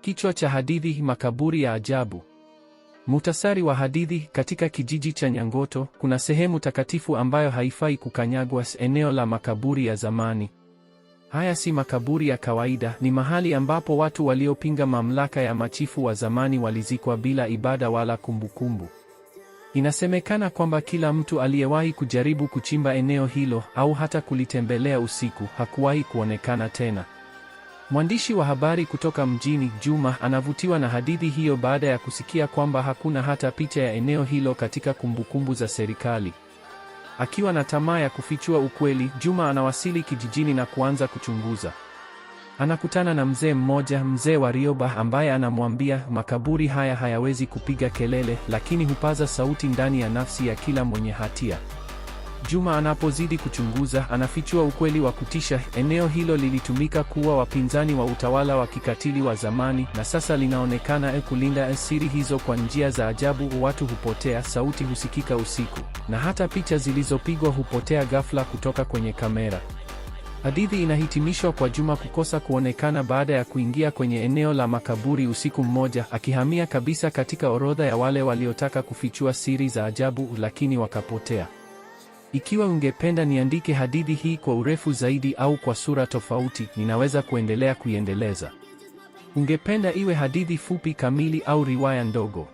Kichwa cha hadithi: makaburi ya ajabu. Muhtasari wa hadithi: katika kijiji cha Nyangoto kuna sehemu takatifu ambayo haifai kukanyagwa, eneo la makaburi ya zamani. Haya si makaburi ya kawaida, ni mahali ambapo watu waliopinga mamlaka ya machifu wa zamani walizikwa bila ibada wala kumbukumbu. Inasemekana kwamba kila mtu aliyewahi kujaribu kuchimba eneo hilo au hata kulitembelea usiku hakuwahi kuonekana tena. Mwandishi wa habari kutoka mjini, Juma, anavutiwa na hadithi hiyo baada ya kusikia kwamba hakuna hata picha ya eneo hilo katika kumbukumbu za serikali. Akiwa na tamaa ya kufichua ukweli, Juma anawasili kijijini na kuanza kuchunguza. Anakutana na mzee mmoja, mzee wa Rioba, ambaye anamwambia makaburi haya hayawezi kupiga kelele, lakini hupaza sauti ndani ya nafsi ya kila mwenye hatia. Juma anapozidi kuchunguza, anafichua ukweli wa kutisha. Eneo hilo lilitumika kuwa wapinzani wa utawala wa kikatili wa zamani, na sasa linaonekana e kulinda eh siri hizo kwa njia za ajabu. Watu hupotea, sauti husikika usiku, na hata picha zilizopigwa hupotea ghafla kutoka kwenye kamera. Hadithi inahitimishwa kwa Juma kukosa kuonekana baada ya kuingia kwenye eneo la makaburi usiku mmoja, akihamia kabisa katika orodha ya wale waliotaka kufichua siri za ajabu, lakini wakapotea. Ikiwa ungependa niandike hadithi hii kwa urefu zaidi au kwa sura tofauti, ninaweza kuendelea kuiendeleza. Ungependa iwe hadithi fupi kamili au riwaya ndogo?